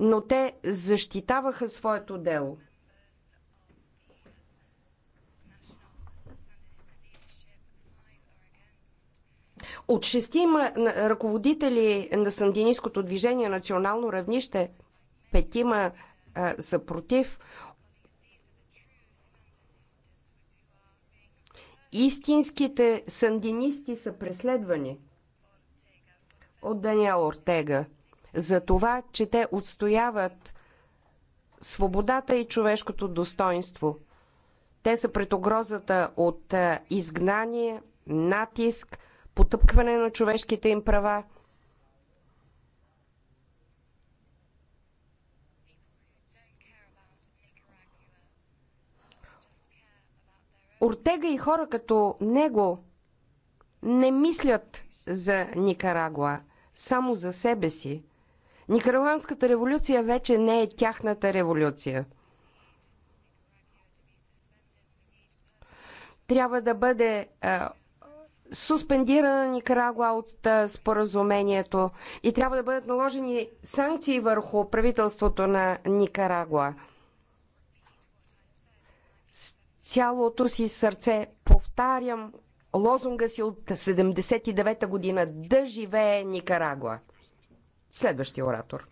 но те защитаваха своето дело. От шестима ръководители на сандинистското движение национално равнище, петима а, са против. Истинските сандинисти са преследвани от Даниел Ортега – за това, че те отстояват свободата и човешкото достоинство. Те са пред угрозата от е, изгнание, натиск, потъпкване на човешките им права. Ортега и хора като него не мислят за Никарагуа, само за себе си. Никарагуанската революция вече не е тяхната революция. Трябва да бъде а, суспендирана Никарагуа от а, споразумението и трябва да бъдат наложени санкции върху правителството на Никарагуа. С цялото си сърце повтарям лозунга си от 79-та година да живее Никарагуа. Следващия оратор.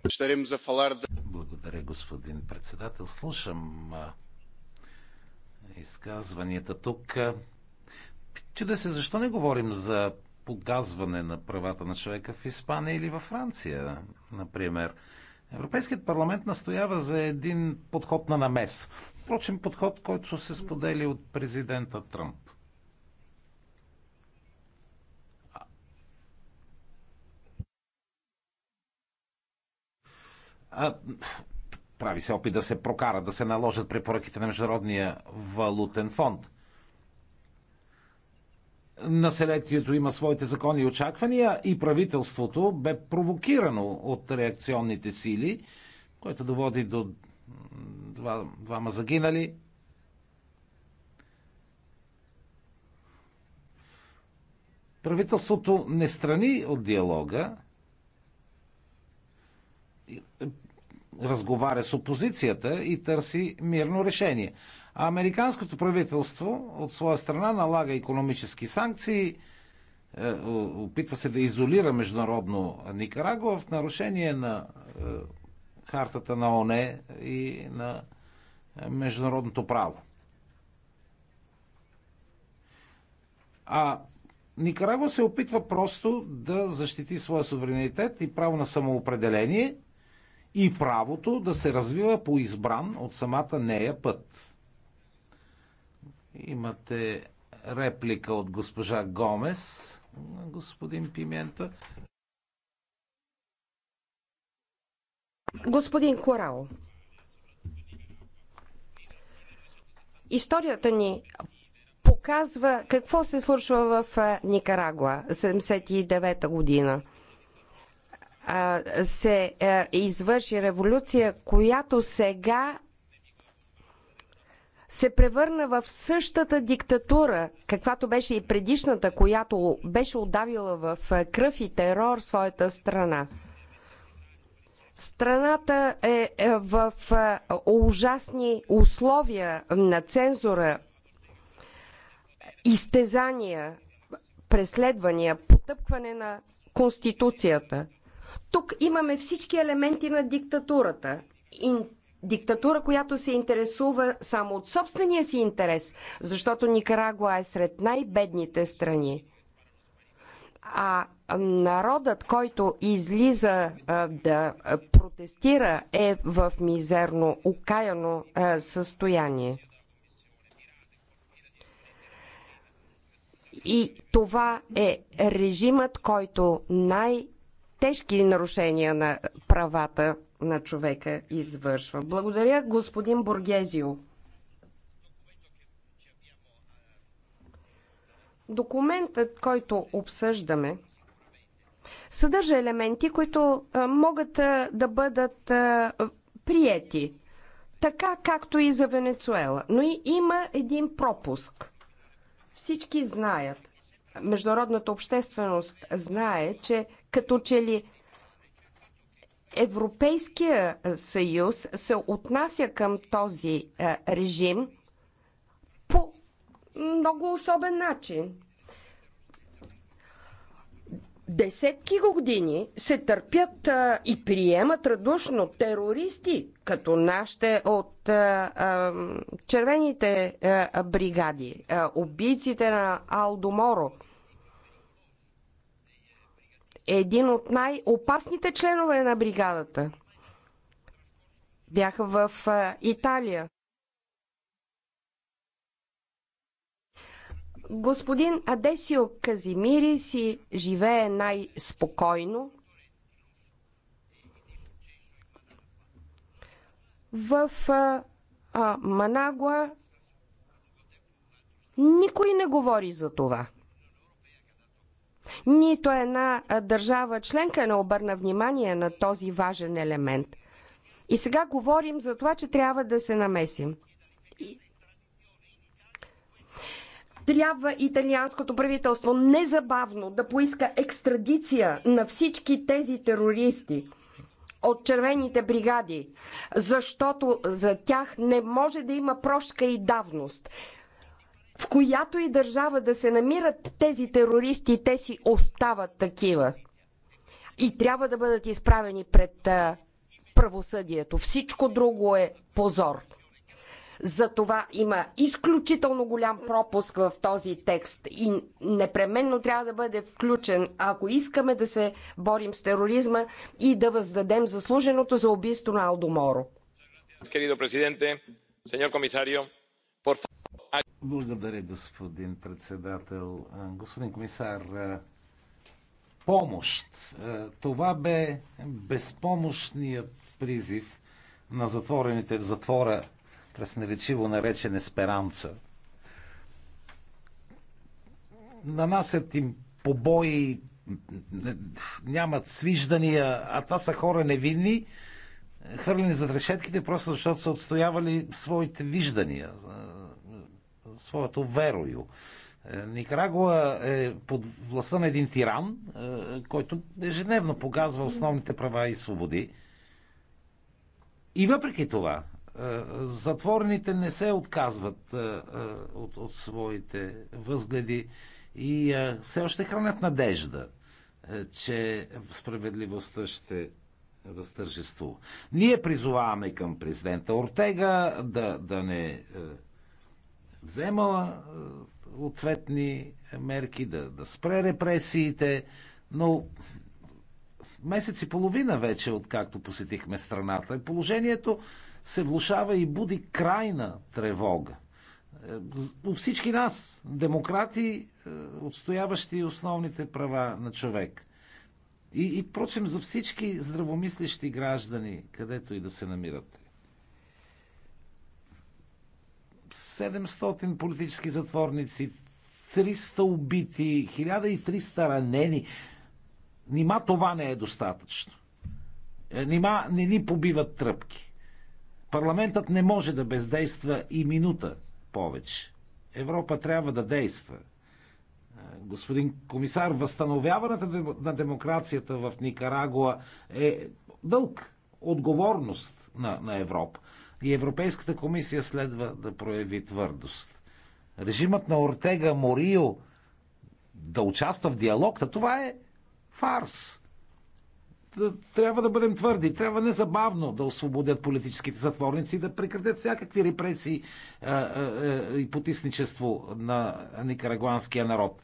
Благодаря, господин председател. Слушам изказванията тук. Чуда се, защо не говорим за погазване на правата на човека в Испания или във Франция, например. Европейският парламент настоява за един подход на намес. Впрочем, подход, който се сподели от президента Тръмп. прави се опит да се прокара, да се наложат препоръките на Международния валутен фонд. Населението има своите закони и очаквания и правителството бе провокирано от реакционните сили, което доводи до два, двама загинали. Правителството не страни от диалога, разговаря с опозицията и търси мирно решение. А американското правителство от своя страна налага економически санкции, е, опитва се да изолира международно Никарагуа в нарушение на е, хартата на ОНЕ и на е, международното право. А Никарагуа се опитва просто да защити своя суверенитет и право на самоопределение – и правото да се развива по избран от самата нея път. Имате реплика от госпожа Гомес, господин Пимента. Господин Корао, историята ни показва какво се случва в Никарагуа 79-та година – се е, извърши революция, която сега се превърна в същата диктатура, каквато беше и предишната, която беше отдавила в е, кръв и терор своята страна. Страната е, е в ужасни условия на цензура, изтезания, преследвания, потъпкване на Конституцията. Тук имаме всички елементи на диктатурата. Ин... Диктатура, която се интересува само от собствения си интерес, защото Никарагуа е сред най-бедните страни. А народът, който излиза а, да протестира, е в мизерно, окаяно а, състояние. И това е режимът, който най- тежки нарушения на правата на човека извършва. Благодаря, господин Боргезио. Документът, който обсъждаме, съдържа елементи, които могат да бъдат приети, така както и за Венецуела. Но и има един пропуск. Всички знаят, международната общественост знае, че като че ли Европейския съюз се отнася към този е, режим по много особен начин. Десетки години се търпят а, е, и приемат радушно терористи, като нашите от а, е, а, червените а, бригади, а, убийците на Алдоморо – е един от най-опасните членове на бригадата. Бяха в Италия. Господин Адесио Казимири си живее най-спокойно в а, а, Манагуа. Никой не говори за това. Нито една държава членка не обърна внимание на този важен елемент. И сега говорим за това, че трябва да се намесим. трябва италианското правителство незабавно да поиска екстрадиция на всички тези терористи от червените бригади, защото за тях не може да има прошка и давност в която и държава да се намират тези терористи, те си остават такива. И трябва да бъдат изправени пред правосъдието. Всичко друго е позор. Затова има изключително голям пропуск в този текст и непременно трябва да бъде включен, ако искаме да се борим с тероризма и да въздадем заслуженото за убийство на Алдоморо. Querido señor por благодаря, господин председател. Господин комисар, помощ. Това бе безпомощният призив на затворените в затвора, красноречиво наречен Есперанца. Нанасят им побои, нямат свиждания, а това са хора невинни, хвърлени за решетките, просто защото са отстоявали своите виждания, своето верою. Е, Никарагуа е под властта на един тиран, е, който ежедневно погазва основните права и свободи. И въпреки това, е, затворените не се отказват от, от своите възгледи и все още хранят надежда, че справедливостта ще възтържествува. Ние призоваваме към президента Ортега да, да не вземала е, ответни мерки, да, да спре репресиите, но месец и половина вече, откакто посетихме страната, положението се влушава и буди крайна тревога. Е, у всички нас, демократи, е, отстояващи основните права на човек. И, и прочим, за всички здравомислещи граждани, където и да се намират. 700 политически затворници, 300 убити, 1300 ранени. Нима това не е достатъчно. Е, нима не ни побиват тръпки. Парламентът не може да бездейства и минута повече. Европа трябва да действа. Е, господин комисар, възстановяването на демокрацията в Никарагуа е дълг, отговорност на, на Европа. И Европейската комисия следва да прояви твърдост. Режимът на Ортега Морио да участва в диалог, да това е фарс. Трябва да бъдем твърди, трябва незабавно да освободят политическите затворници и да прекратят всякакви репресии а, а, а, и потисничество на никарагуанския народ.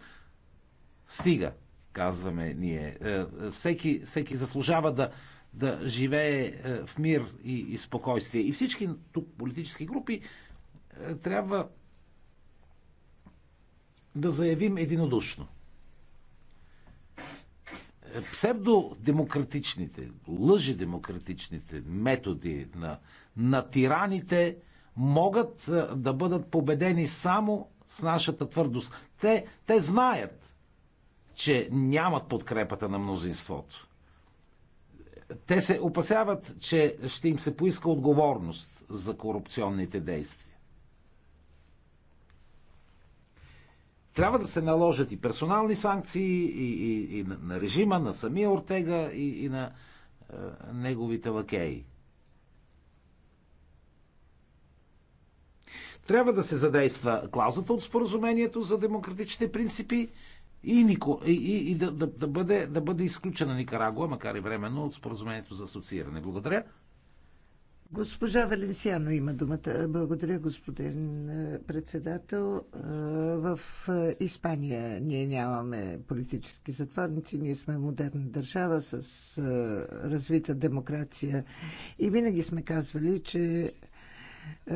Стига, казваме ние. Е, е, всеки, всеки заслужава да, да живее е, в мир и, и спокойствие. И всички тук политически групи е, трябва да заявим единодушно. Псевдодемократичните, лъжедемократичните методи на, на тираните могат е, да бъдат победени само с нашата твърдост. Те, те знаят, че нямат подкрепата на мнозинството. Те се опасяват, че ще им се поиска отговорност за корупционните действия. Трябва да се наложат и персонални санкции и, и, и на режима, на самия Ортега и, и на е, неговите лакеи. трябва да се задейства клаузата от споразумението за демократичните принципи, и, Нико, и, и, и да, да, да, бъде, да бъде изключена Никарагуа, макар и временно, от споразумението за асоцииране. Благодаря. Госпожа Валенсиано има думата. Благодаря, господин е, председател. Е, в е, Испания ние нямаме политически затворници. Ние сме модерна държава с развита демокрация. И винаги сме казвали, че е,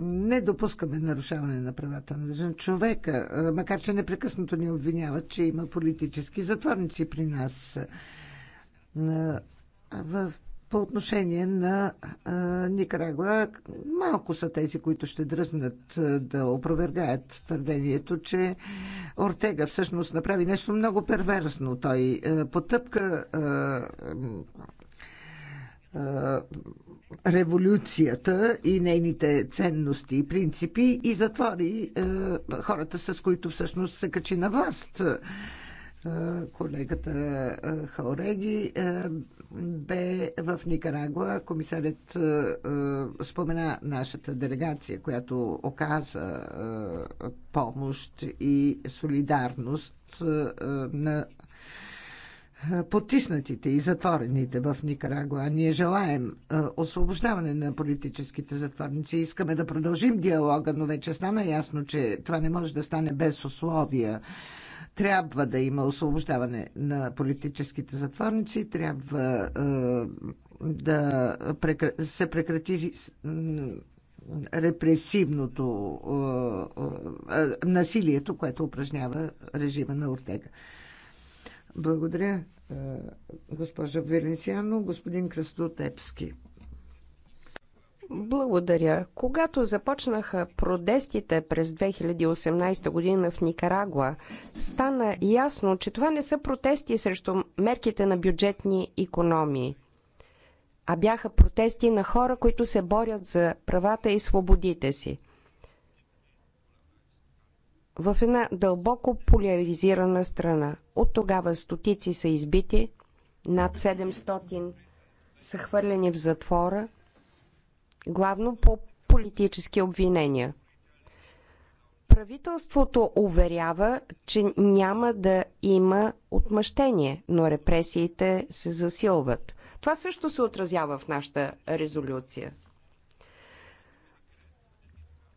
не допускаме нарушаване на правата на човека, е, макар че непрекъснато ни обвиняват, че има политически затворници при нас. Е, в по отношение на а, Никарагуа, малко са тези, които ще дръзнат а, да опровергаят твърдението, че Ортега всъщност направи нещо много перверзно. Той а, потъпка а, е, революцията и нейните ценности и принципи и затвори е, хората, с които всъщност се качи на власт. Е, колегата Хаореги бе в Никарагуа. Комисарят спомена нашата делегация, която оказа помощ и солидарност на потиснатите и затворените в Никарагуа. Ние желаем освобождаване на политическите затворници. Искаме да продължим диалога, но вече стана ясно, че това не може да стане без условия. Трябва да има освобождаване на политическите затворници, трябва да се прекрати репресивното насилието, което упражнява режима на Ортега. Благодаря, е, госпожа Виленсиано. Господин Кръстотепски. Благодаря. Когато започнаха протестите през 2018 година в Никарагуа, стана ясно, че това не са протести срещу мерките на бюджетни економии, а бяха протести на хора, които се борят за правата и свободите си в една дълбоко поляризирана страна. От тогава стотици са избити, над 700 са хвърлени в затвора, главно по политически обвинения. Правителството уверява, че няма да има отмъщение, но репресиите се засилват. Това също се отразява в нашата резолюция.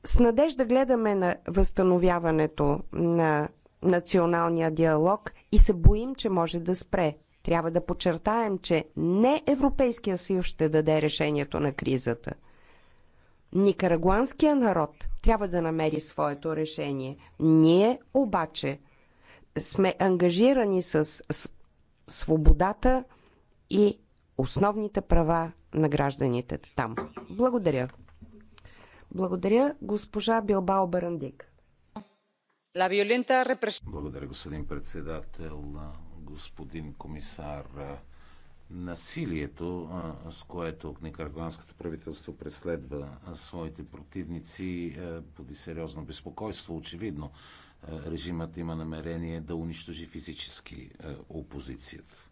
С надежда гледаме на възстановяването на националния диалог и се боим, че може да спре. Трябва да подчертаем, че не Европейския съюз ще даде решението на кризата. Никарагуанския народ трябва да намери своето решение. Ние обаче сме ангажирани с свободата и основните права на гражданите там. Благодаря. Благодаря, госпожа Билбао Барандик. Благодаря, господин председател, господин комисар. Насилието, с което никарагуанското правителство преследва своите противници, поди е, сериозно безпокойство. Очевидно, е, режимът има намерение да унищожи физически е, опозицията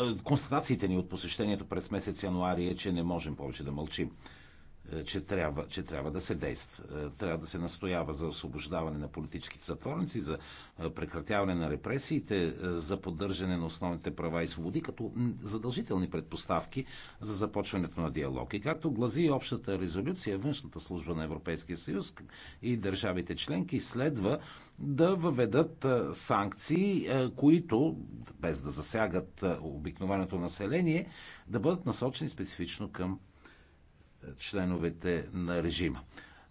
Е, констатациите ни от посещението през месец януари е, че не можем повече да мълчим. Е, че трябва, че трябва да се действа. Е, трябва да се настоява за освобождаване на политическите затворници, за е, прекратяване на репресиите, за поддържане на основните права и свободи, като задължителни предпоставки за започването на диалог. И както глази общата резолюция, външната служба на Европейския съюз и държавите членки следва да въведат санкции, които, без да засягат обикновеното население, да бъдат насочени специфично към членовете на режима.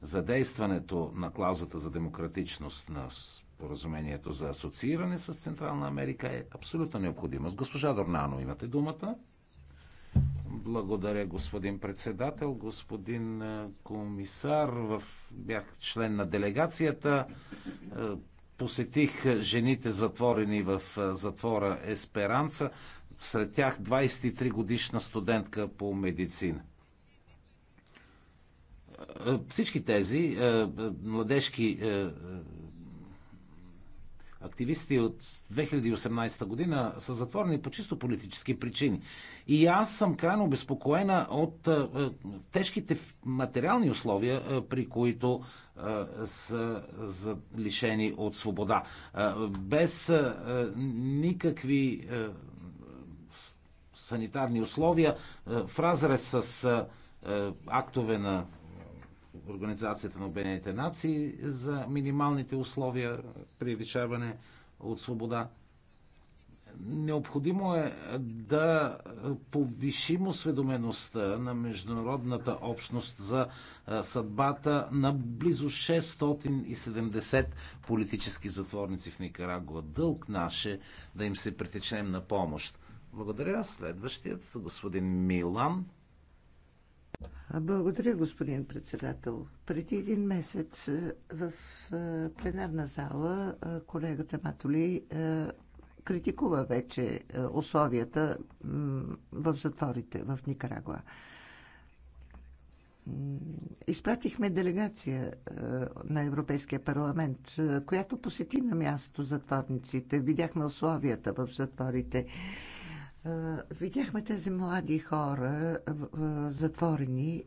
Задействането на клаузата за демократичност на споразумението за асоцииране с Централна Америка е абсолютна С Госпожа Дорнано, имате думата. Благодаря, господин председател, господин комисар. В... Бях член на делегацията. Посетих жените затворени в затвора Есперанца. Сред тях 23 годишна студентка по медицина. Всички тези е, е, младежки е, активисти от 2018 година са затворени по чисто политически причини. И аз съм крайно обезпокоена от тежките материални условия, при които са лишени от свобода. Без никакви санитарни условия, в разрез с актове на Организацията на Обединените нации за минималните условия при лишаване от свобода. Необходимо е да повишим осведомеността на международната общност за съдбата на близо 670 политически затворници в Никарагуа. Дълг наше да им се притечнем на помощ. Благодаря. Следващият господин Милан. Благодаря, господин председател. Преди един месец в пленарна зала колегата Матоли критикува вече условията в затворите в Никарагуа. Изпратихме делегация на Европейския парламент, която посети на място затворниците. Видяхме условията в затворите. Видяхме тези млади хора затворени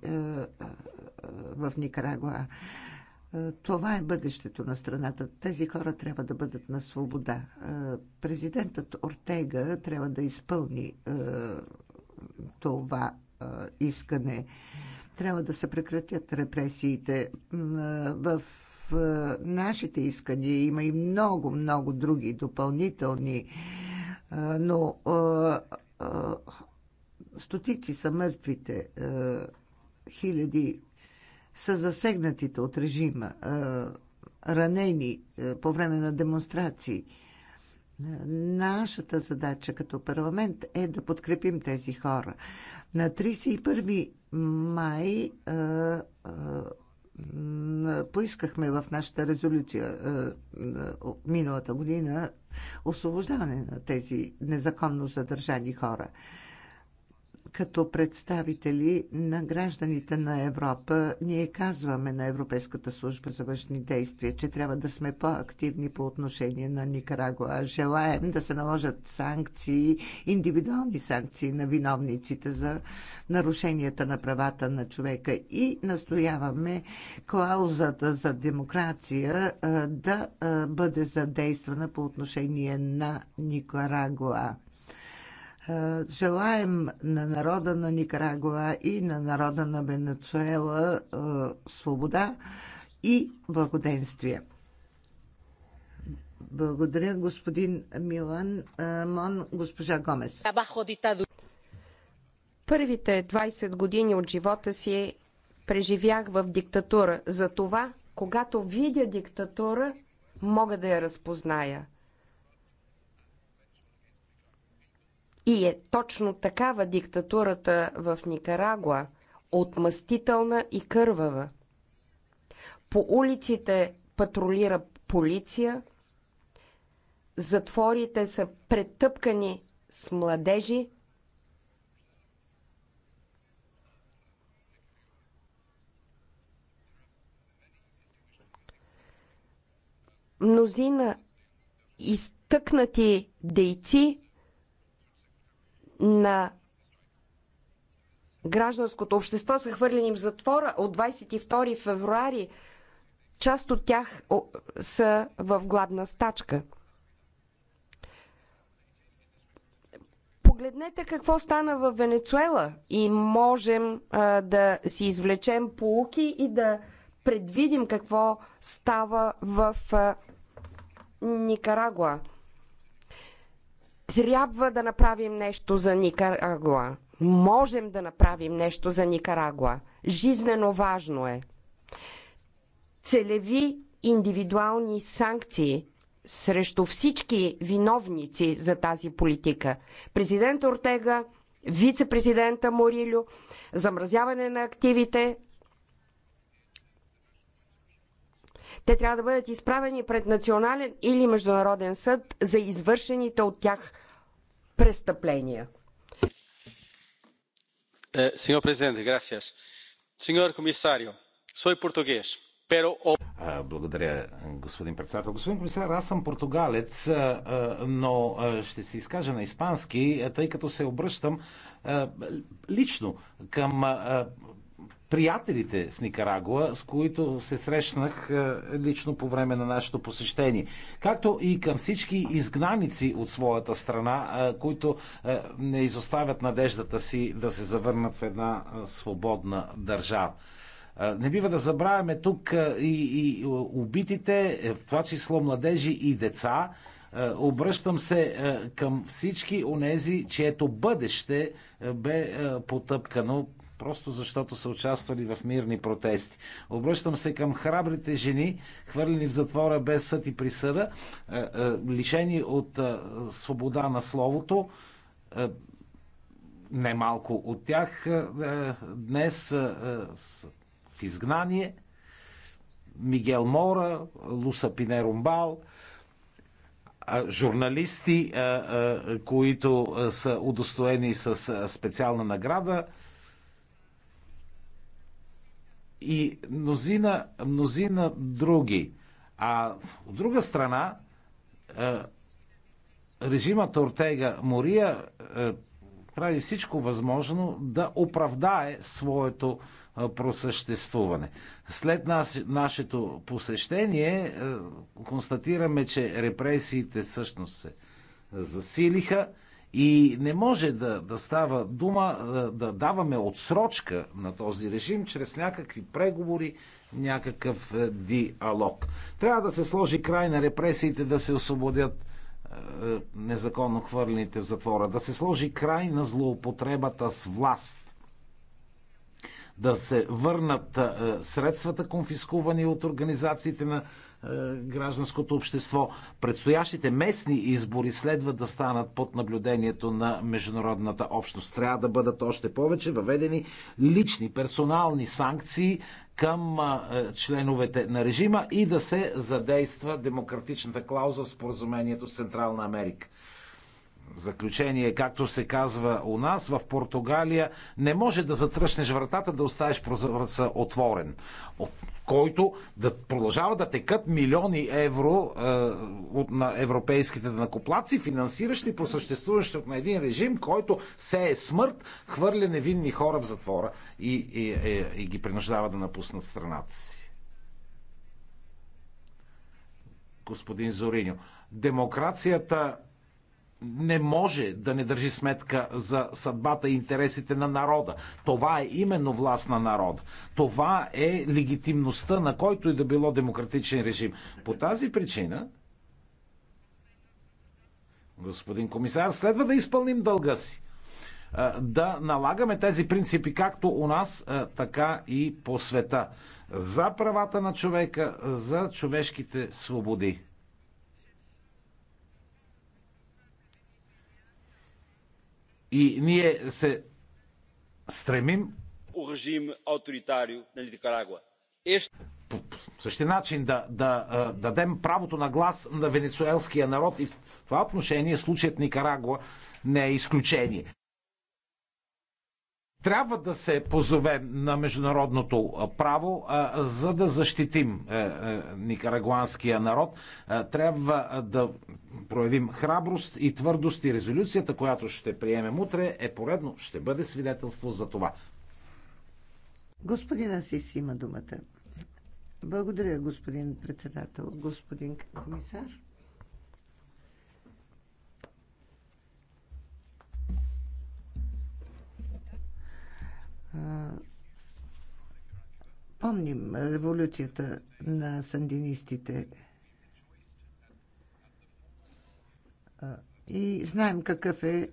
в Никарагуа. Това е бъдещето на страната. Тези хора трябва да бъдат на свобода. Президентът Ортега трябва да изпълни това искане. Трябва да се прекратят репресиите. В нашите искания има и много, много други допълнителни но стотици са мъртвите, хиляди са засегнатите от режима, ранени по време на демонстрации. Нашата задача като парламент е да подкрепим тези хора. На 31 май поискахме в нашата резолюция е, е, миналата година освобождаване на тези незаконно задържани хора като представители на гражданите на Европа, ние казваме на Европейската служба за външни действия, че трябва да сме по-активни по отношение на Никарагуа. Желаем да се наложат санкции, индивидуални санкции на виновниците за нарушенията на правата на човека и настояваме клаузата за демокрация да бъде задействана по отношение на Никарагуа е, желаем на народа на Никарагуа и на народа на Венецуела е, свобода и благоденствие. Благодаря, господин Милан е, Мон, госпожа Гомес. Първите 20 години от живота си преживях в диктатура. За това, когато видя диктатура, мога да я разпозная – И е точно такава диктатурата в Никарагуа отмъстителна и кървава. По улиците патрулира полиция, затворите са претъпкани с младежи, мнозина изтъкнати дейци на гражданското общество са хвърлени в затвора от 22 февруари. Част от тях са в гладна стачка. Погледнете какво стана в Венецуела и можем а, да си извлечем полуки и да предвидим какво става в а, Никарагуа. Трябва да направим нещо за Никарагуа. Можем да направим нещо за Никарагуа. Жизнено важно е. Целеви индивидуални санкции срещу всички виновници за тази политика. Президент Ортега, вице-президента Морилю, замразяване на активите, Те трябва да бъдат изправени пред национален или международен съд за извършените от тях престъпления. Е, сеньор президент, грасиас. Сеньор комисарио, сой португеш, Благодаря, господин председател. Господин комисар, аз съм португалец, но ще се изкажа на испански, тъй като се обръщам лично към приятелите в Никарагуа, с които се срещнах е, лично по време на нашето посещение. Както и към всички изгнаници от своята страна, е, които е, не изоставят надеждата си да се завърнат в една свободна държава. Не бива да забравяме тук и, и убитите, в това число младежи и деца. Обръщам се към всички онези, чието бъдеще бе потъпкано просто защото са участвали в мирни протести. Обръщам се към храбрите жени, хвърлени в затвора без съд и присъда, е, е, лишени от е, свобода на словото. Немалко от тях днес в изгнание. Мигел Мора, Луса Пинерумбал, журналисти, които са удостоени с специална награда и мнозина, мнозина други. А от друга страна, е, режимът Ортега Мория е, прави всичко възможно да оправдае своето е, просъществуване. След нашето посещение констатираме, че репресиите всъщност се засилиха. И не може да, да става дума да, да даваме отсрочка на този режим чрез някакви преговори, някакъв е, диалог. Трябва да се сложи край на репресиите, да се освободят е, е, незаконно хвърлените в затвора, да се сложи край на злоупотребата с власт, да се върнат средствата, конфискувани от организациите на е, гражданското общество. Предстоящите местни избори следва да станат под наблюдението на международната общност. Трябва да бъдат още повече въведени лични, персонални санкции към е, членовете на режима и да се задейства демократичната клауза в споразумението с Централна Америка заключение, както се казва у нас, в Португалия не може да затръшнеш вратата, да оставиш прозореца отворен който да продължава да текат милиони евро е, от, на европейските накоплаци, финансиращи по съществуващи на един режим, който се е смърт, хвърля невинни хора в затвора и, и, и, е, и ги принуждава да напуснат страната си. Господин Зориньо, демокрацията не може да не държи сметка за съдбата и интересите на народа. Това е именно власт на народа. Това е легитимността на който и да било демократичен режим. По тази причина, господин комисар, следва да изпълним дълга си. Да налагаме тези принципи както у нас, така и по света. За правата на човека, за човешките свободи. И ние се стремим режим авторитарио на Никарагуа. По, по същия начин да, да, да дадем правото на глас на венецуелския народ и в това отношение случаят Никарагуа не е изключение трябва да се позовем на международното право, за да защитим е, е, никарагуанския народ. Трябва да проявим храброст и твърдост и резолюцията, която ще приемем утре, е поредно, ще бъде свидетелство за това. Господин Асис има думата. Благодаря, господин председател, господин комисар. Помним революцията на сандинистите и знаем какъв е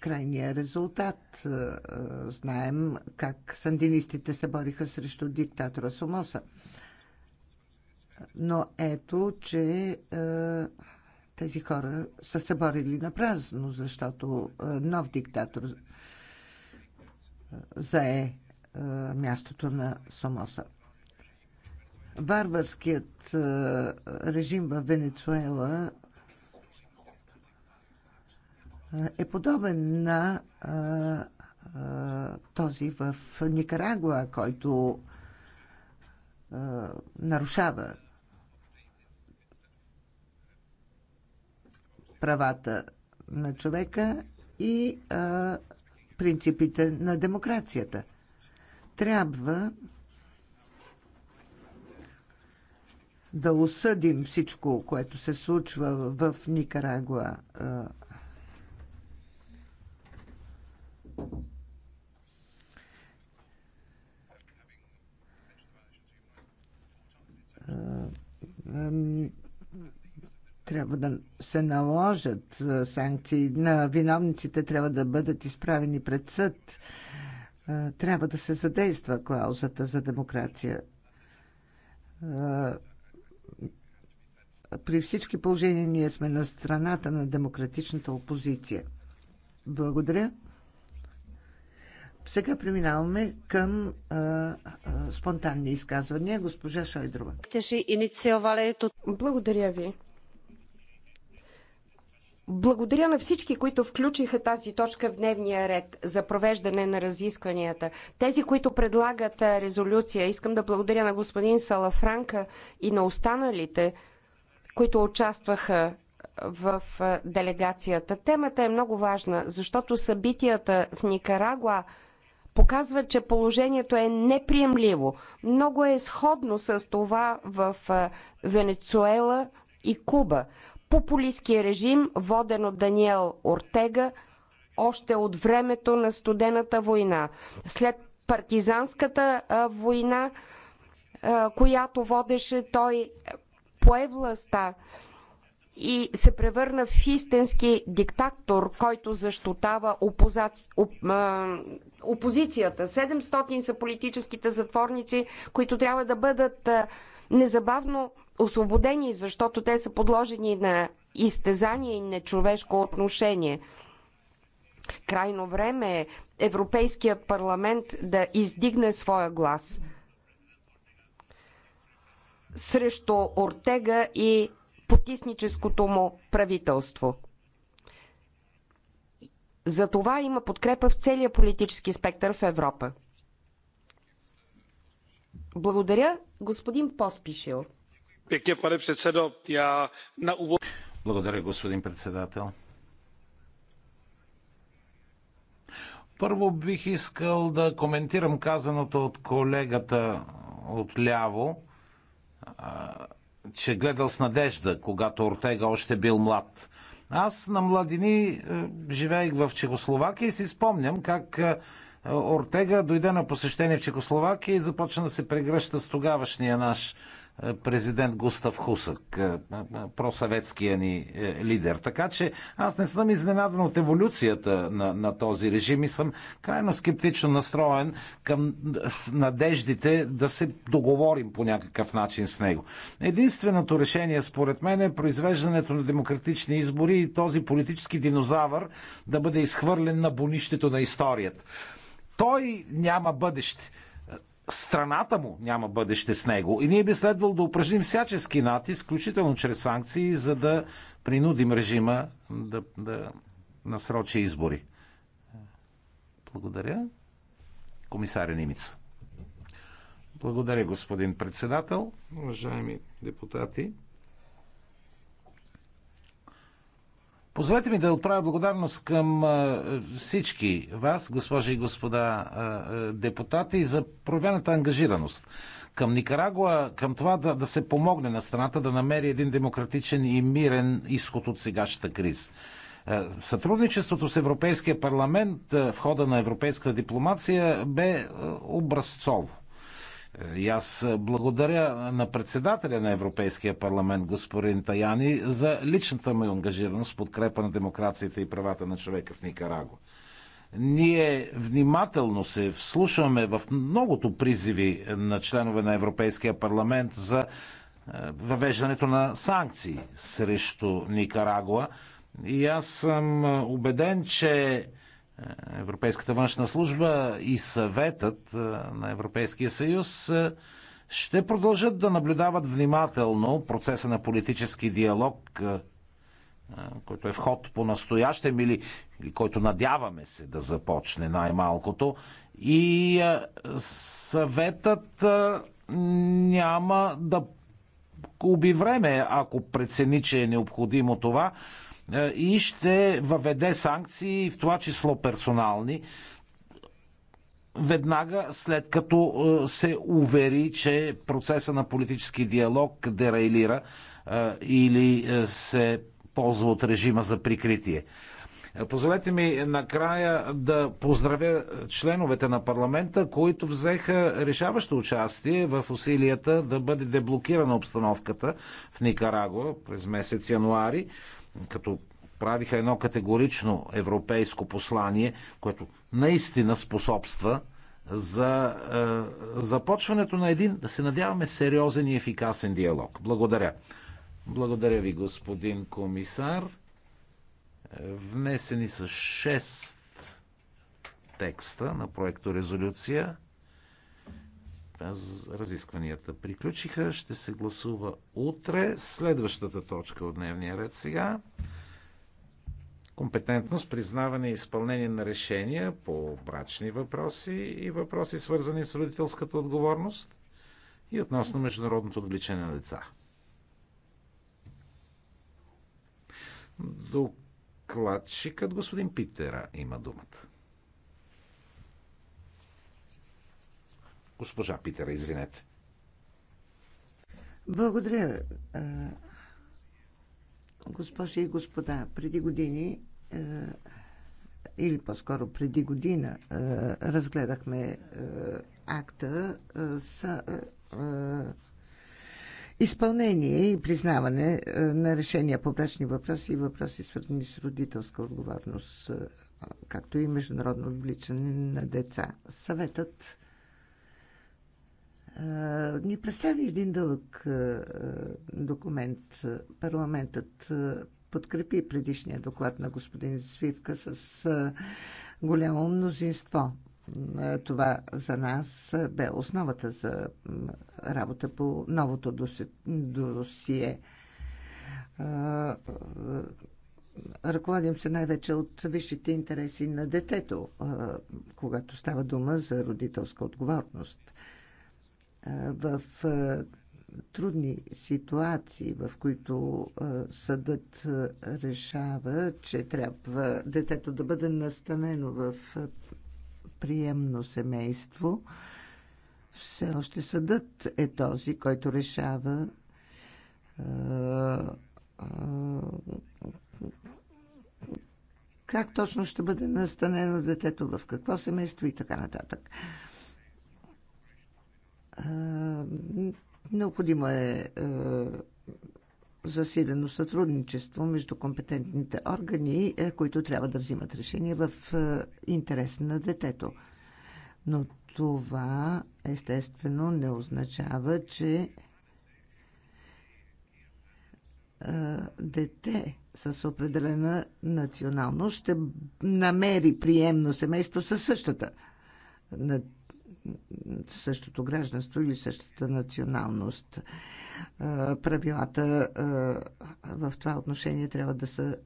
крайния резултат. Знаем как сандинистите се бориха срещу диктатора Сомоса. Но ето, че тези хора са се борили на празно, защото нов диктатор зае е, мястото на Сомоса. Варварският е, режим в Венецуела е, е подобен на този в Никарагуа, който нарушава правата на човека и а, принципите на демокрацията. Трябва да осъдим всичко, което се случва в Никарагуа трябва да се наложат санкции на виновниците, трябва да бъдат изправени пред съд. Трябва да се задейства клаузата за демокрация. При всички положения ние сме на страната на демократичната опозиция. Благодаря. Сега преминаваме към а, а, спонтанни изказвания. Госпожа Шойдрова. Благодаря ви. Благодаря на всички, които включиха тази точка в дневния ред за провеждане на разискванията. Тези, които предлагат резолюция, искам да благодаря на господин Салафранка и на останалите, които участваха в делегацията. Темата е много важна, защото събитията в Никарагуа показват, че положението е неприемливо. Много е сходно с това в Венецуела и Куба. Популистския режим, воден от Даниел Ортега още от времето на студената война. След партизанската война, която водеше, той пое властта и се превърна в истински диктатор, който защитава опозаци... оп... опозицията. 700 са политическите затворници, които трябва да бъдат незабавно освободени, защото те са подложени на изтезание и нечовешко отношение. Крайно време е Европейският парламент да издигне своя глас срещу Ортега и потисническото му правителство. За това има подкрепа в целия политически спектър в Европа. Благодаря, господин Поспишил pane předsedající благодаря господин председател. Първо бих искал да коментирам казаното от колегата отляво, че гледал с надежда, когато Ортега още бил млад. Аз на младини е, живеех в Чехословакия и си спомням как е, Ортега дойде на посещение в Чехословакия и започна да се прегръща с тогавашния наш президент Густав Хусък, е, е, просъветския ни е, лидер. Така че аз не съм изненадан от еволюцията на, на този режим и съм крайно скептично настроен към надеждите да се договорим по някакъв начин с него. Единственото решение, според мен, е произвеждането на демократични избори и този политически динозавър да бъде изхвърлен на бонището на историята. Той няма бъдеще страната му няма бъдеще с него. И ние би следвало да упражним всячески натиск, включително чрез санкции, за да принудим режима да, да насрочи избори. Благодаря. Комисаря Нимица. Благодаря, господин председател. Уважаеми депутати, Позволете ми да отправя благодарност към всички вас, госпожи и господа депутати, за проявената ангажираност към Никарагуа, към това да, да се помогне на страната да намери един демократичен и мирен изход от сегашната криза. Сътрудничеството с Европейския парламент в хода на европейската дипломация бе образцово. И аз благодаря на председателя на Европейския парламент, господин Таяни, за личната му ангажираност в подкрепа на демокрацията и правата на човека в Никарагуа. Ние внимателно се вслушваме в многото призиви на членове на Европейския парламент за е, въвеждането на санкции срещу Никарагуа. И аз съм убеден, че е, Европейската външна служба и съветът е, на Европейския съюз е, ще продължат да наблюдават внимателно процеса на политически диалог, който е вход по настоящем или, или който надяваме се да започне най-малкото. И съветът няма да губи време, ако прецени, че е необходимо това, е, и ще въведе санкции, в това число персонални, веднага след като е, се увери, че процеса на политически диалог дерайлира е, или се ползва от режима за прикритие. Позволете ми накрая да поздравя членовете на парламента, които взеха решаващо участие в усилията да бъде деблокирана обстановката в Никарагуа през месец януари като правиха едно категорично европейско послание, което наистина способства за е, започването на един, да се надяваме, сериозен и ефикасен диалог. Благодаря. Благодаря ви, господин комисар. Внесени са 6 текста на проекто резолюция разискванията приключиха. Ще се гласува утре. Следващата точка от дневния ред сега. Компетентност, признаване и изпълнение на решения по брачни въпроси и въпроси свързани с родителската отговорност и относно международното отвличане на деца. Докладчикът господин Питера има думата. Госпожа Питера, извинете. Благодаря. Госпожи и господа, преди години или по-скоро преди година разгледахме акта с изпълнение и признаване на решения по брачни въпроси и въпроси свързани с родителска отговорност, както и международно отвличане на деца. Съветът ни представи един дълъг документ. Парламентът подкрепи предишния доклад на господин Свивка с голямо мнозинство. Това за нас бе основата за работа по новото досие. Ръководим се най-вече от висшите интереси на детето, когато става дума за родителска отговорност в трудни ситуации, в които съдът решава, че трябва детето да бъде настанено в приемно семейство, все още съдът е този, който решава как точно ще бъде настанено детето, в какво семейство и така нататък. Е, необходимо е, е засилено сътрудничество между компетентните органи, е, които трябва да взимат решение в интерес на детето. Но това естествено не означава, че дете с определена националност ще намери приемно семейство със същата същото гражданство или същата националност. Правилата в това отношение трябва да са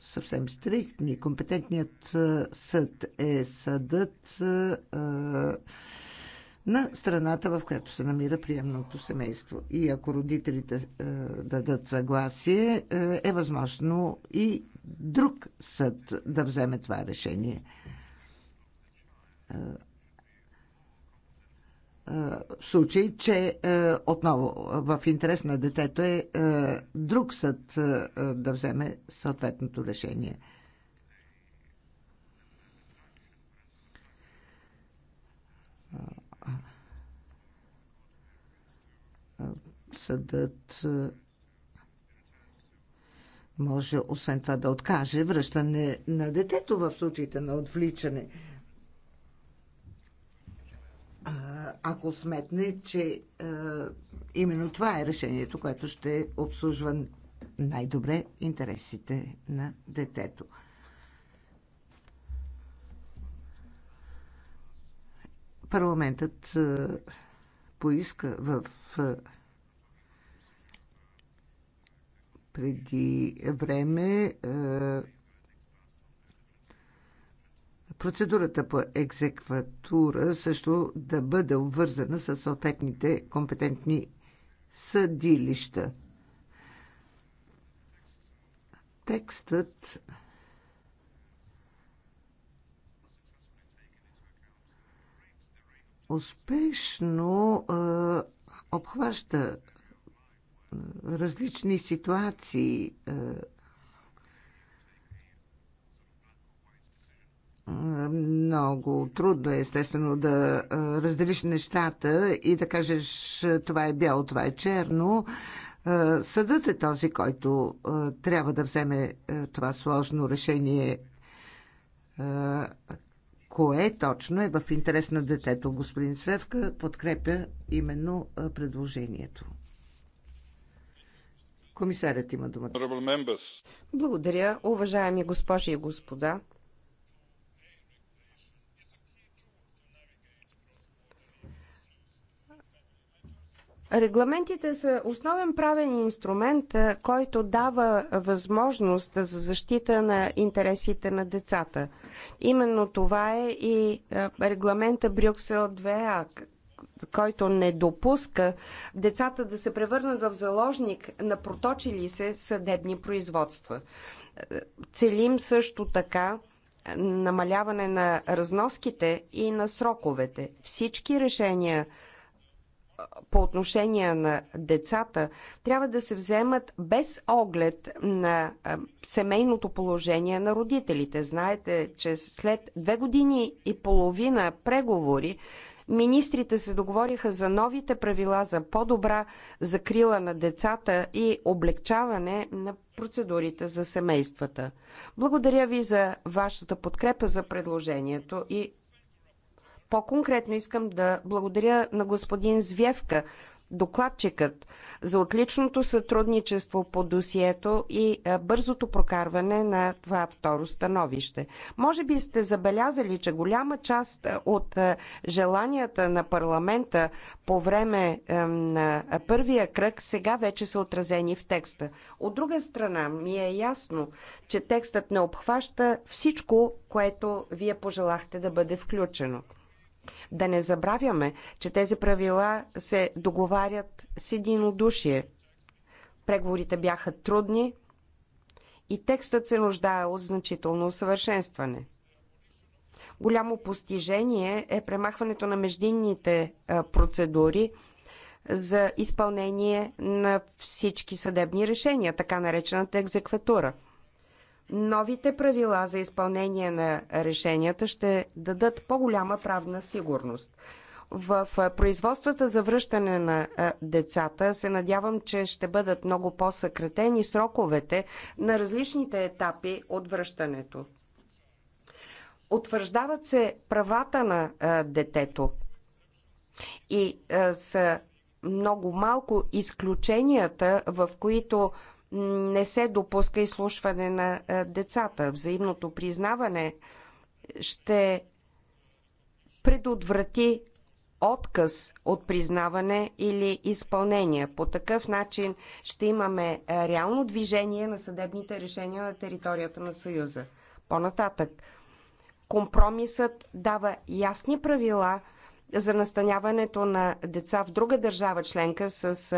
съвсем стриктни. Компетентният съд е съдът на страната, в която се намира приемното семейство. И ако родителите дадат съгласие, е възможно и друг съд да вземе това решение случай, че е, отново в интерес на детето е, е друг съд е, да вземе съответното решение. Съдът може освен това да откаже връщане на детето в случаите на отвличане ако сметне, че именно това е решението, което ще обслужва най-добре интересите на детето. Парламентът поиска в преди време процедурата по екзекватура също да бъде обвързана с съответните компетентни съдилища. Текстът успешно обхваща различни ситуации. много трудно е, естествено, да разделиш нещата и да кажеш това е бяло, това е черно. Съдът е този, който трябва да вземе това сложно решение. Кое точно е в интерес на детето? Господин Свевка подкрепя именно предложението. Комисарят има думата. Благодаря, уважаеми госпожи и господа. Регламентите са основен правен инструмент, който дава възможност за защита на интересите на децата. Именно това е и регламента Брюксел 2А, който не допуска децата да се превърнат в заложник на проточили се съдебни производства. Целим също така намаляване на разноските и на сроковете. Всички решения по отношение на децата трябва да се вземат без оглед на семейното положение на родителите. Знаете, че след две години и половина преговори министрите се договориха за новите правила за по-добра закрила на децата и облегчаване на процедурите за семействата. Благодаря ви за вашата подкрепа за предложението и по-конкретно искам да благодаря на господин Звевка, докладчикът, за отличното сътрудничество по досието и е, бързото прокарване на това второ становище. Може би сте забелязали, че голяма част е, от е, желанията на парламента по време на първия кръг сега вече са отразени в текста. От друга страна, ми е ясно, че текстът не обхваща всичко, което вие пожелахте да бъде включено. Да не забравяме, че тези правила се договарят с единодушие. Преговорите бяха трудни и текстът се нуждае от значително усъвършенстване. Голямо постижение е премахването на междинните процедури за изпълнение на всички съдебни решения, така наречената екзекватура – Новите правила за изпълнение на решенията ще дадат по-голяма правна сигурност. В производствата за връщане на децата се надявам, че ще бъдат много по-съкратени сроковете на различните етапи от връщането. Утвърждават се правата на детето и са много малко изключенията, в които не се допуска изслушване на децата. Взаимното признаване ще предотврати отказ от признаване или изпълнение. По такъв начин ще имаме реално движение на съдебните решения на територията на Съюза. По-нататък, компромисът дава ясни правила за настаняването на деца в друга държава членка с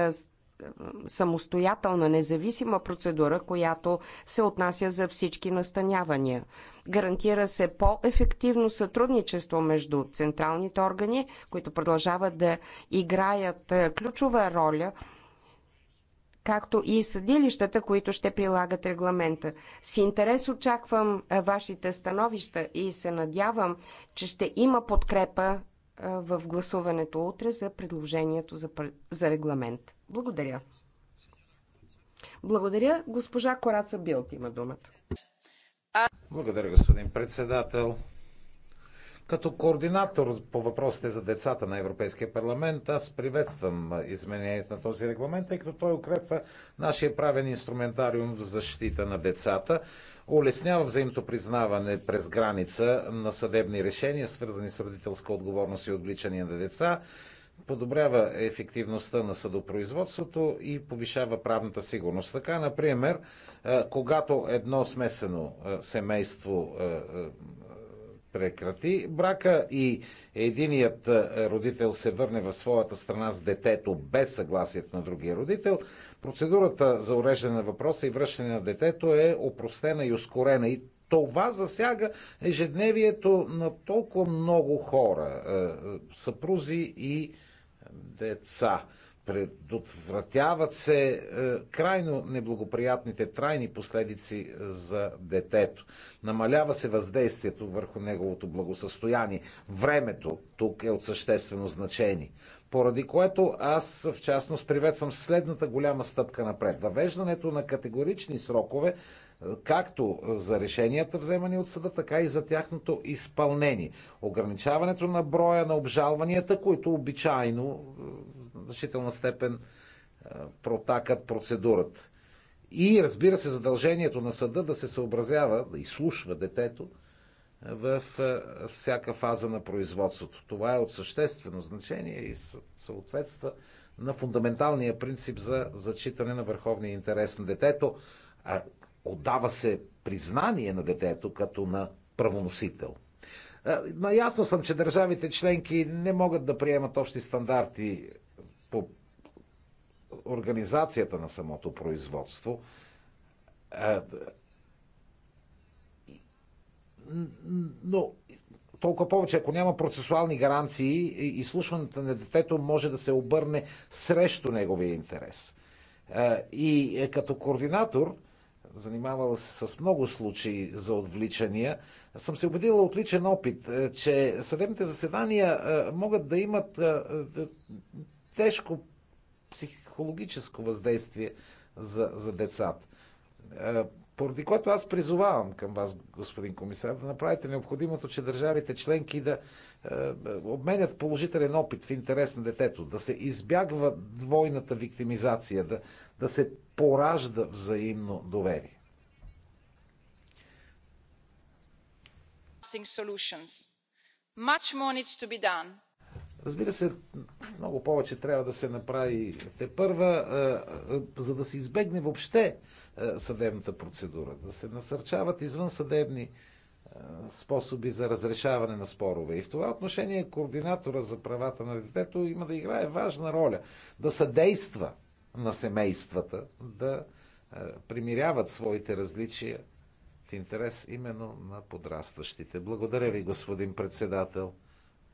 самостоятелна, независима процедура, която се отнася за всички настанявания. Гарантира се по-ефективно сътрудничество между централните органи, които продължават да играят е, ключова роля както и съдилищата, които ще прилагат регламента. С интерес очаквам е, вашите становища и се надявам, че ще има подкрепа е, в гласуването утре за предложението за, регламент. Благодаря. Благодаря. Госпожа Кораца Билт има думата. Благодаря, господин председател. Като координатор по въпросите за децата на Европейския парламент, аз приветствам изменението на този регламент, тъй като той укрепва нашия правен инструментариум в защита на децата, улеснява взаимното признаване през граница на съдебни решения, свързани с родителска отговорност и отвличане на деца, подобрява ефективността на съдопроизводството и повишава правната сигурност. Така, например, когато едно смесено семейство прекрати брака и единият родител се върне в своята страна с детето без съгласието на другия родител, процедурата за уреждане на въпроса и връщане на детето е опростена и ускорена. И това засяга ежедневието на толкова много хора, съпрузи и деца. Предотвратяват се е, крайно неблагоприятните трайни последици за детето. Намалява се въздействието върху неговото благосъстояние. Времето тук е от съществено значение. Поради което аз в частност приветствам следната голяма стъпка напред. Въвеждането на категорични срокове както за решенията вземани от съда, така и за тяхното изпълнение. Ограничаването на броя на обжалванията, които обичайно е, в значителна степен е, протакат процедурата. И разбира се, задължението на съда да се съобразява, да изслушва детето е, в всяка фаза на производството. Това е от съществено значение и съответства на фундаменталния принцип за зачитане на върховния интерес на детето. А отдава се признание на детето като на правоносител. Наясно съм, че държавите членки не могат да приемат общи стандарти по организацията на самото производство. Но толкова повече, ако няма процесуални гаранции, изслушването на детето може да се обърне срещу неговия интерес. И е като координатор, занимавала се с много случаи за отвличания, съм се убедила от личен опит, е, че съдебните заседания е, могат да имат е, тежко психологическо въздействие за, за децата. Поради което аз призовавам към вас, господин комисар, да направите необходимото, че държавите членки да обменят положителен опит в интерес на детето, да се избягва двойната виктимизация, да, да се поражда взаимно доверие. Разбира се, много повече трябва да се направи те първа, за да се избегне въобще съдебната процедура, да се насърчават извън съдебни способи за разрешаване на спорове. И в това отношение координатора за правата на детето има да играе важна роля, да съдейства на семействата да е, примиряват своите различия в интерес именно на подрастващите. Благодаря ви, господин председател.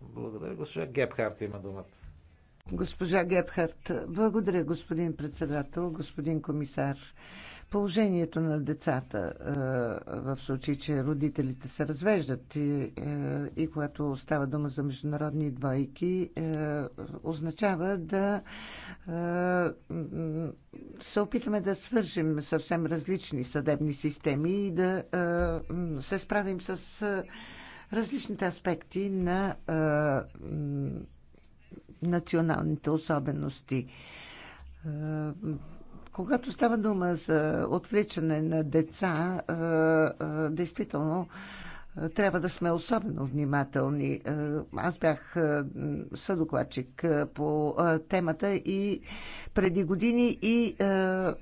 Благодаря. Госпожа Гепхарт има думата. Госпожа Гепхарт, благодаря, господин председател, господин комисар положението на децата в случай, че родителите се развеждат и, и когато става дума за международни двойки, означава да се опитаме да свържим съвсем различни съдебни системи и да се справим с различните аспекти на националните особености когато става дума за отвличане на деца, действително трябва да сме особено внимателни. Аз бях съдокладчик по темата и преди години и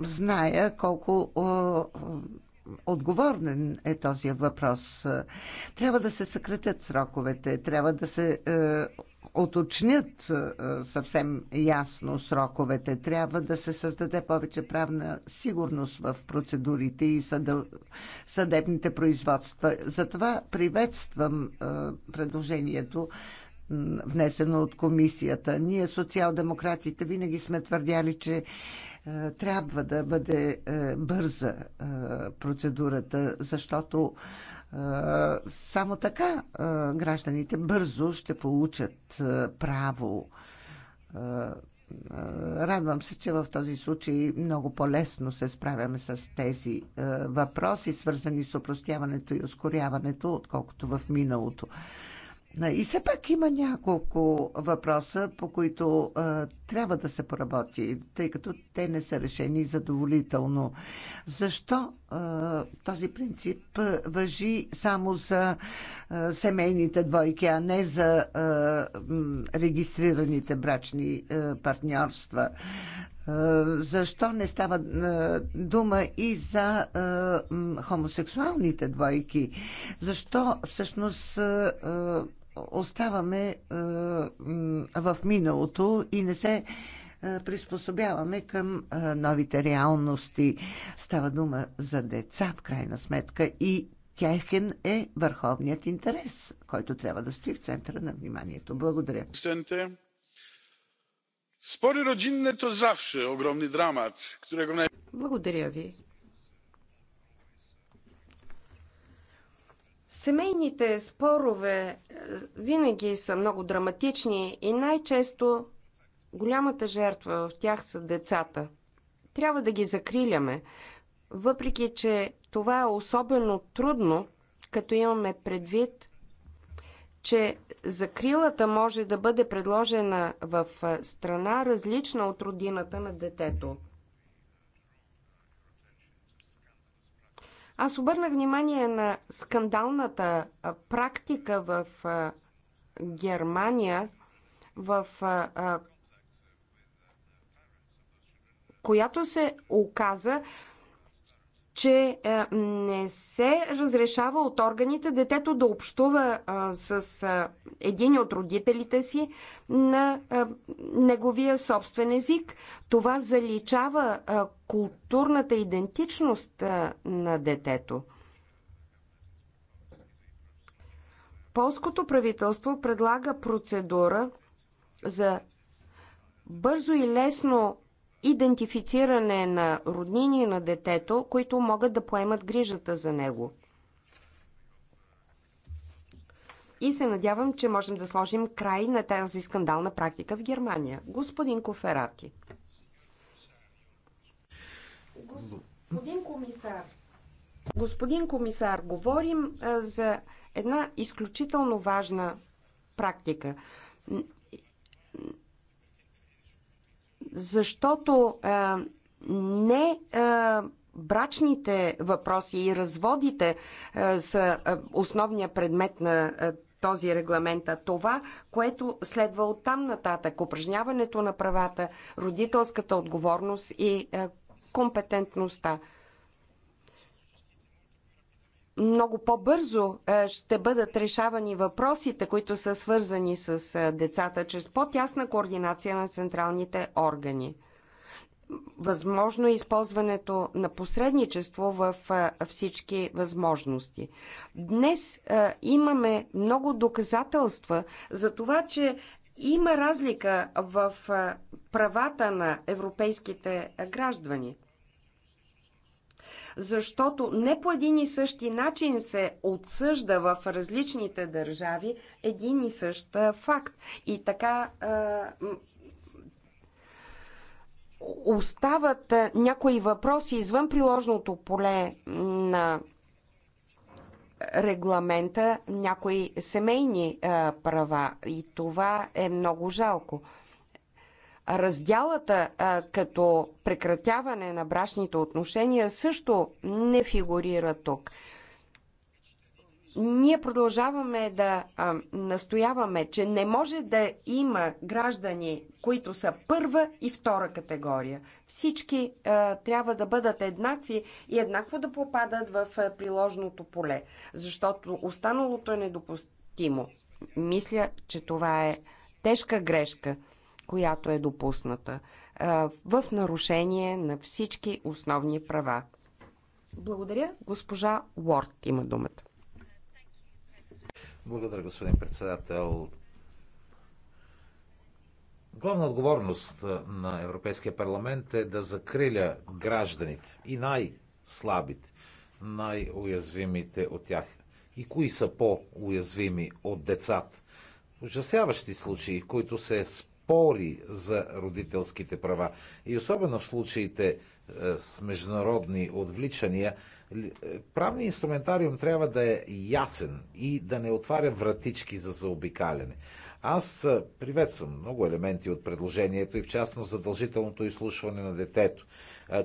зная колко отговорен е този въпрос. Трябва да се съкратят сроковете, трябва да се оточнят съвсем ясно сроковете. Трябва да се създаде повече правна сигурност в процедурите и съдебните производства. Затова приветствам предложението внесено от комисията. Ние, социал-демократите, винаги сме твърдяли, че е, трябва да бъде е, бърза е, процедурата, защото само така гражданите бързо ще получат право. Радвам се, че в този случай много по-лесно се справяме с тези въпроси, свързани с упростяването и ускоряването, отколкото в миналото. Е, и все пак има няколко въпроса, по които а, е, трябва да се поработи, тъй като те не са решени задоволително. Защо а, е, този принцип въжи само за а, семейните двойки, а не за а, регистрираните брачни а, партньорства? защо не става дума и за хомосексуалните двойки? Защо всъщност оставаме е, в миналото и не се е, приспособяваме към е, новите реалности. Става дума за деца, в крайна сметка, и тяхен е върховният интерес, който трябва да стои в центъра на вниманието. Благодаря. Спори Благодаря ви. Семейните спорове е, винаги са много драматични и най-често голямата жертва в тях са децата. Трябва да ги закриляме, въпреки че това е особено трудно, като имаме предвид, че закрилата може да бъде предложена в е, страна различна от родината на детето. Аз обърнах внимание на скандалната практика в Германия, в която се оказа, че е, не се разрешава от органите детето да общува е, с е, един от родителите си на неговия собствен език. Това заличава културната идентичност на детето. Полското правителство предлага процедура за бързо и лесно идентифициране на роднини на детето, които могат да поемат грижата за него. И се надявам, че можем да сложим край на тази скандална практика в Германия. Господин Коферати. Господин комисар, господин комисар, говорим за една изключително важна практика защото а, е, не а, е, брачните въпроси и разводите а, е, са основния предмет на а, този регламент, а това, което следва от там нататък, упражняването на правата, родителската отговорност и а, компетентността много по-бързо е, ще бъдат решавани въпросите, които са свързани с е, децата, чрез по-тясна координация на централните органи. Възможно е използването на посредничество в е, всички възможности. Днес имаме много доказателства за това, че има разлика в правата на европейските граждани защото не по един и същи начин се отсъжда в различните държави един и същ факт. И така остават някои въпроси извън приложното поле на регламента, някои семейни права. И това е много жалко. Разделата а, като прекратяване на брачните отношения също не фигурира тук. Ние продължаваме да а, настояваме, че не може да има граждани, които са първа и втора категория. Всички а, трябва да бъдат еднакви и еднакво да попадат в а, приложното поле, защото останалото е недопустимо. Мисля, че това е тежка грешка която е допусната в нарушение на всички основни права. Благодаря. Госпожа Уорд има думата. Благодаря, господин председател. Главна отговорност на Европейския парламент е да закриля гражданите и най-слабите, най-уязвимите от тях. И кои са по-уязвими от децата? Ужасяващи случаи, които се спори за родителските права. И особено в случаите е, с международни отвличания, е, правният инструментариум трябва да е ясен и да не отваря вратички за заобикаляне. Аз е, приветствам много елементи от предложението и в частност задължителното изслушване на детето.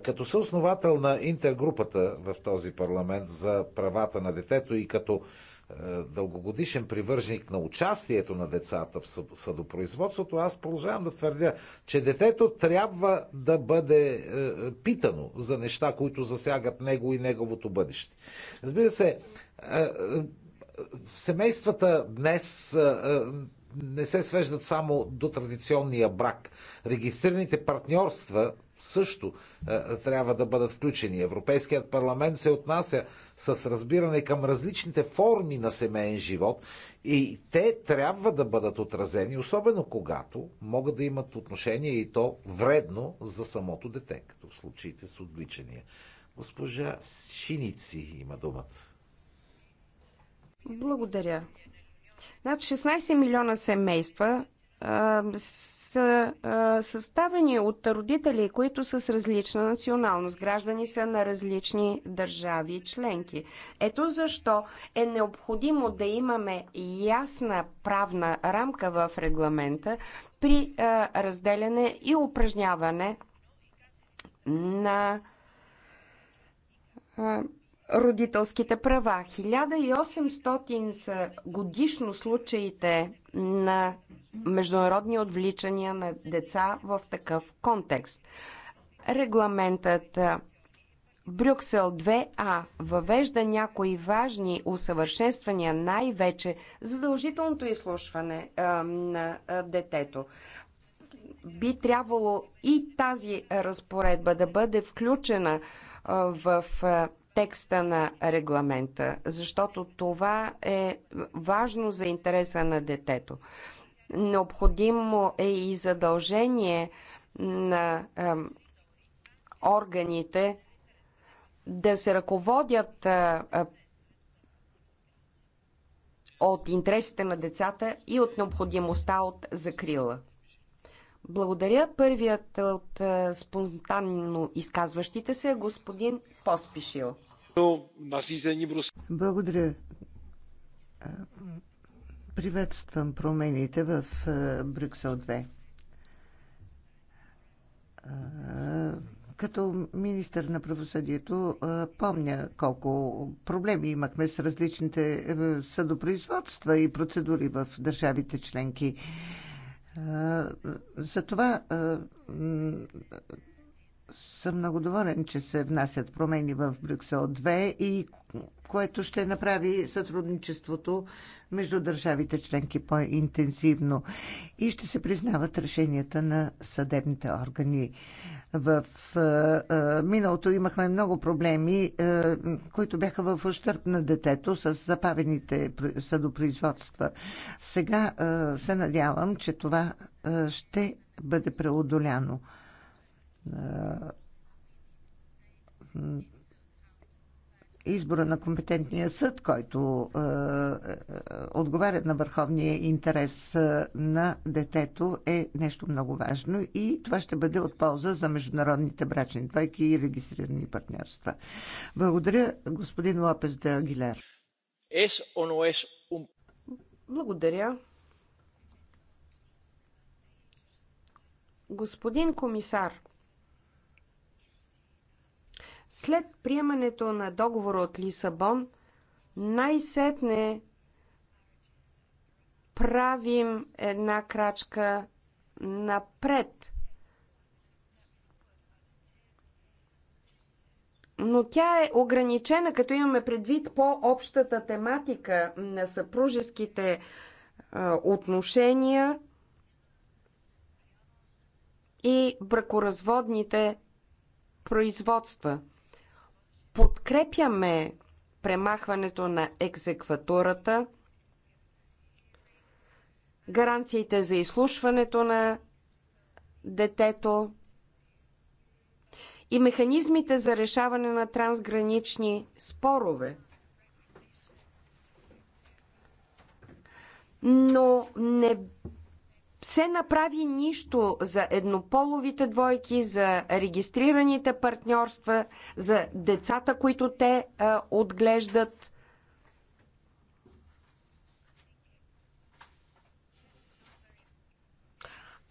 Като съосновател на интергрупата в този парламент за правата на детето и като дългогодишен привържник на участието на децата в съдопроизводството, аз продължавам да твърдя, че детето трябва да бъде е, питано за неща, които засягат него и неговото бъдеще. Разбира се, е, е, семействата днес не се свеждат само до традиционния брак. Регистрираните партньорства също е, е, трябва да бъдат включени. Европейският парламент се отнася с разбиране към различните форми на семейен живот и те трябва да бъдат отразени, особено когато могат да имат отношение и то вредно за самото дете, като в случаите с отвличания. Госпожа Шиници има думата. Благодаря. Над 16 милиона семейства а, са а, съставени от родители, които са с различна националност. Граждани са на различни държави и членки. Ето защо е необходимо да имаме ясна правна рамка в регламента при а, разделяне и упражняване на а, родителските права. 1800 са годишно случаите на международни отвличания на деца в такъв контекст. Регламентът Брюксел 2А въвежда някои важни усъвършенствания, най-вече задължителното изслушване а, на а, детето. Би трябвало и тази разпоредба да бъде включена а, в а, текста на регламента, защото това е важно за интереса на детето. Необходимо е и задължение на е, органите да се ръководят е, от интересите на децата и от необходимостта от закрила. Благодаря. Първият от е, спонтанно изказващите се е господин Поспишил. Благодаря. Приветствам промените в е, Брюксел 2. Е, като министър на правосъдието е, помня колко проблеми имахме с различните съдопроизводства и процедури в държавите членки. Затова съм много доволен, че се внасят промени в Брюксел 2 и което ще направи сътрудничеството между държавите членки по-интензивно и ще се признават решенията на съдебните органи. В е, миналото имахме много проблеми, е, които бяха в ущърп на детето с запавените съдопроизводства. Сега е, се надявам, че това е, ще бъде преодоляно. Е, избора на компетентния съд, който е, е, отговаря на върховния интерес е, на детето, е нещо много важно и това ще бъде от полза за международните брачни двойки и регистрирани партньорства. Благодаря, господин Лопес де Агилер. Благодаря. Господин комисар, след приемането на договора от Лисабон, най-сетне правим една крачка напред. Но тя е ограничена, като имаме предвид по-общата тематика на съпружеските отношения и бракоразводните производства подкрепяме премахването на екзекватурата, гаранциите за изслушването на детето и механизмите за решаване на трансгранични спорове. Но не се направи нищо за еднополовите двойки, за регистрираните партньорства, за децата, които те а, е, отглеждат.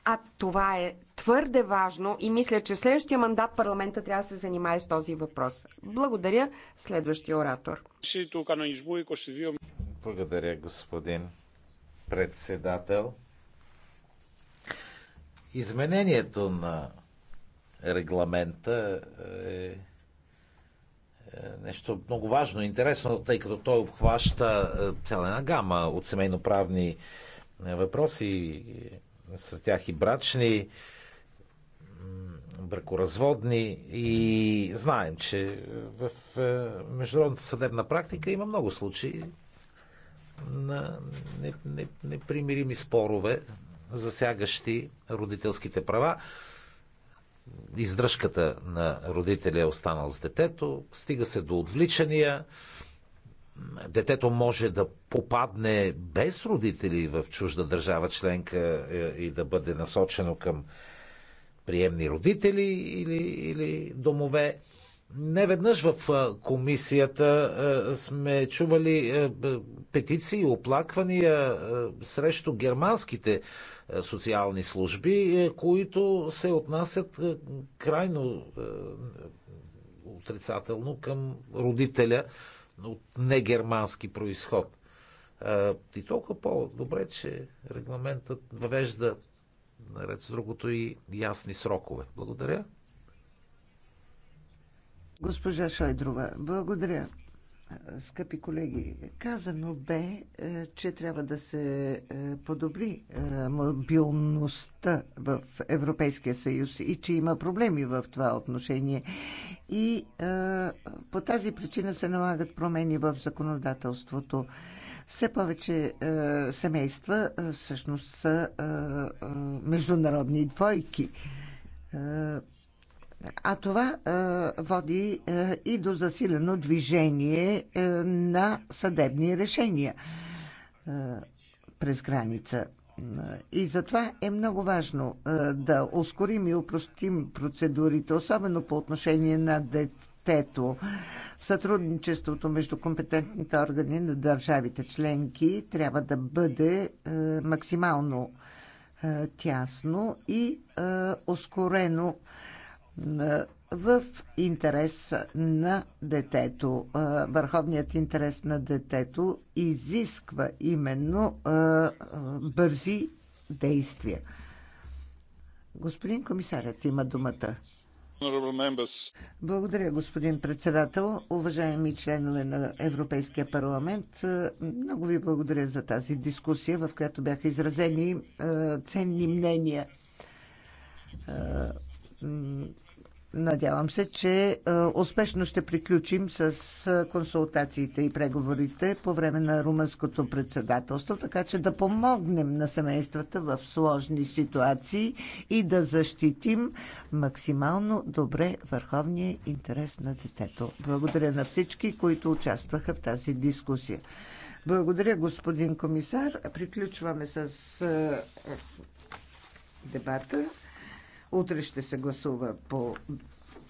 А това е твърде важно и мисля, че в следващия мандат парламента трябва да се занимае с този въпрос. Благодаря. Следващия оратор. Благодаря, господин председател. Изменението на регламента е, е нещо много важно, интересно, тъй като той обхваща е, цяла една гама от семейноправни е, въпроси, сред тях и брачни, бракоразводни и знаем, че в международната съдебна практика има много случаи на непримирими спорове засягащи родителските права. Издръжката на родителя е останал с детето, стига се до отвличания, детето може да попадне без родители в чужда държава членка е, и да бъде насочено към приемни родители или, или домове не веднъж в комисията сме чували петиции, оплаквания срещу германските социални служби, е, които се отнасят крайно отрицателно към родителя от негермански происход. И толкова по-добре, че регламентът въвежда наред с другото и ясни срокове. Благодаря. Госпожа Шойдрова, благодаря. Скъпи колеги, казано бе, е, че трябва да се е, подобри е, мобилността в Европейския съюз и че има проблеми в това отношение. И по тази причина се налагат промени в законодателството. Все повече семейства всъщност са международни двойки а това а, е, води а, е, и до засилено движение а, е, на съдебни решения а, през граница. И затова е много важно а, да ускорим и упростим процедурите, особено по отношение на детето. Сътрудничеството между компетентните органи на държавите членки трябва да бъде а, максимално а, тясно и а, ускорено в интерес на детето. Върховният интерес на детето изисква именно бързи действия. Господин комисарят има думата. Благодаря, господин председател. Уважаеми членове на Европейския парламент, много ви благодаря за тази дискусия, в която бяха изразени ценни мнения Надявам се, че е, успешно ще приключим с е, консултациите и преговорите по време на румънското председателство, така че да помогнем на семействата в сложни ситуации и да защитим максимално добре върховния интерес на детето. Благодаря на всички, които участваха в тази дискусия. Благодаря, господин комисар. Приключваме с е, дебата. Утре ще се гласува по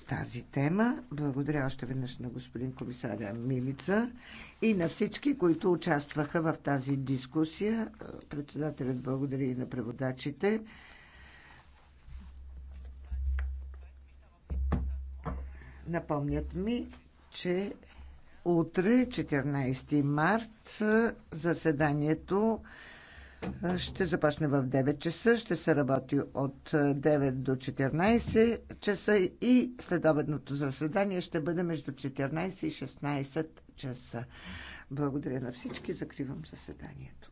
тази тема. Благодаря още веднъж на господин комисаря Мимица и на всички, които участваха в тази дискусия. Председателят благодари и на преводачите. Напомнят ми, че утре, 14 март, заседанието ще започне в 9 часа, ще се работи от 9 е, до 14 часа и следобедното заседание ще бъде между 14 и 16 часа. Благодаря на всички, закривам заседанието.